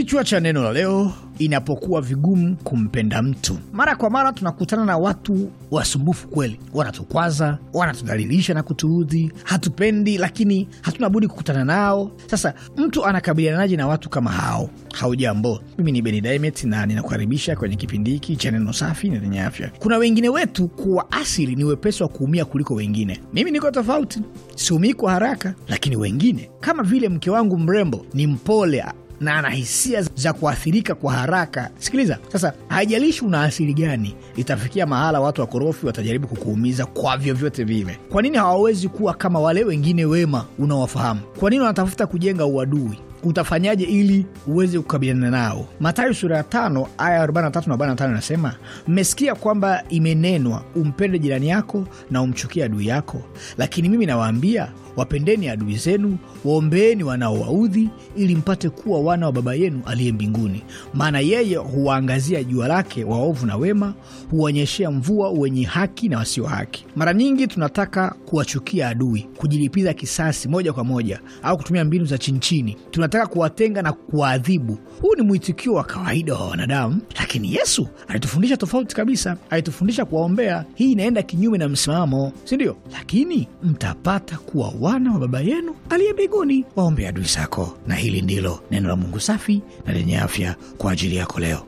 Kichwa cha neno la leo, inapokuwa vigumu kumpenda mtu. Mara kwa mara tunakutana na watu wasumbufu kweli, wanatukwaza, wanatudhalilisha na kutuudhi, hatupendi, lakini hatuna budi kukutana nao. Sasa mtu anakabilianaje na watu kama hao? Haujambo, mimi ni Beni Dimet na ninakukaribisha kwenye kipindi hiki cha neno safi na lenye afya. Kuna wengine wetu kuwa asili ni wepesi wa kuumia kuliko wengine. Mimi niko tofauti, siumii kwa haraka, lakini wengine kama vile mke wangu mrembo ni mpole na ana hisia za kuathirika kwa haraka. Sikiliza sasa, haijalishi una asili gani, itafikia mahala watu wakorofi watajaribu kukuumiza kwa vyovyote vile. Kwa nini hawawezi kuwa kama wale wengine wema unaowafahamu? Kwa nini wanatafuta kujenga uadui? Utafanyaje ili uweze kukabiliana nao? Mathayo sura ya a aya 43 na 45 inasema, mmesikia kwamba imenenwa, umpende jirani yako na umchukie adui yako, lakini mimi nawaambia Wapendeni adui zenu, waombeeni wanaowaudhi, ili mpate kuwa wana wa Baba yenu aliye mbinguni. Maana yeye huwaangazia jua lake waovu na wema, huwaonyeshea mvua wenye haki na wasio haki. Mara nyingi tunataka kuwachukia adui, kujilipiza kisasi moja kwa moja, au kutumia mbinu za chinchini Tunataka kuwatenga na kuwaadhibu. Huu ni mwitikio wa kawaida wa wanadamu, lakini Yesu alitufundisha tofauti kabisa. Alitufundisha kuwaombea. Hii inaenda kinyume na msimamo, si ndio? Lakini mtapata kuwa wana wa Baba yenu aliye mbinguni. Waombea adui zako. Na hili ndilo neno la Mungu safi na lenye afya kwa ajili yako leo.